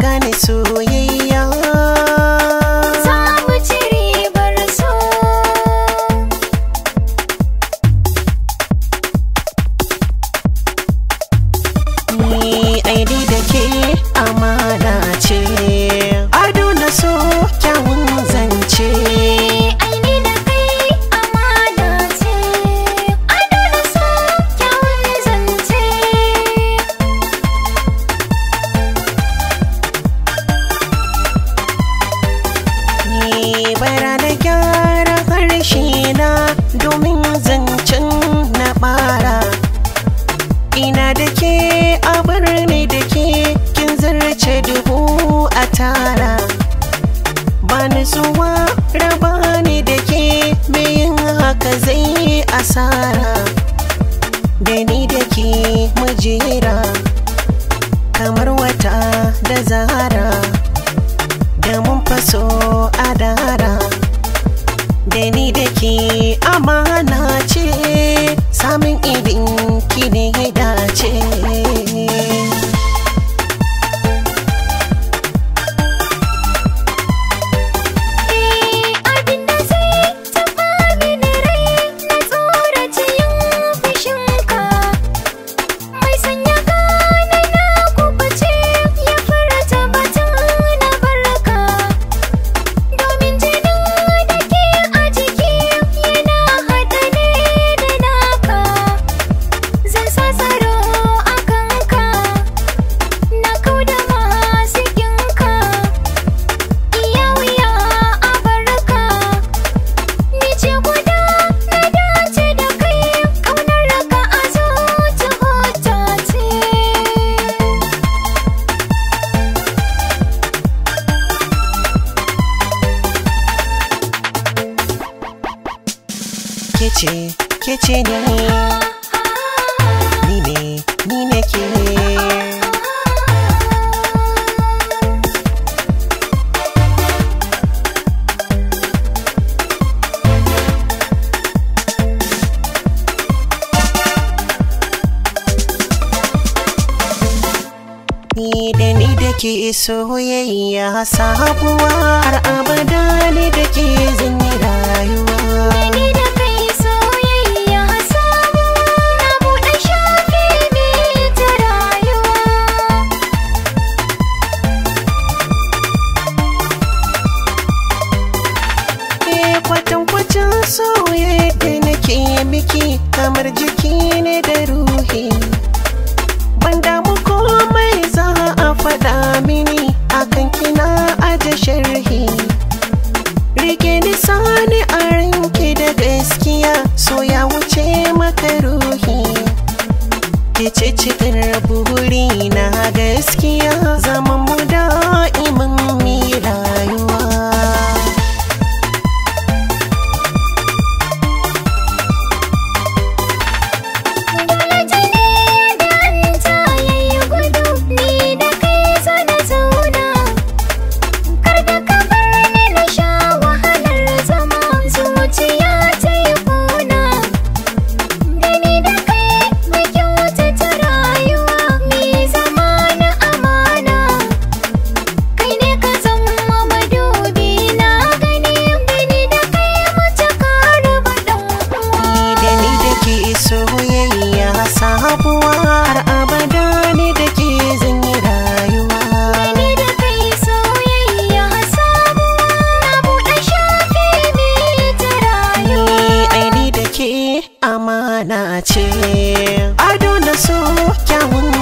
gonna sue you. dabara ina da ke a birni da ke kin zarce dubu a tara ba nutsuwa raba ni da ke yin haka zai asara da ni da ke majira kamar wata da zara ce ke ni ni ne ni ne ke Ni da ni da ke soyayya ar abada jiki kamar jiki ne da ruhi ban damu komai za a faɗa mini akan kina aje sharhi rike ni sani a ranki da gaskiya so ya wuce maka ruhi ke ce cikin rabu na gaskiya zaman mu amana ce ado na so kyawun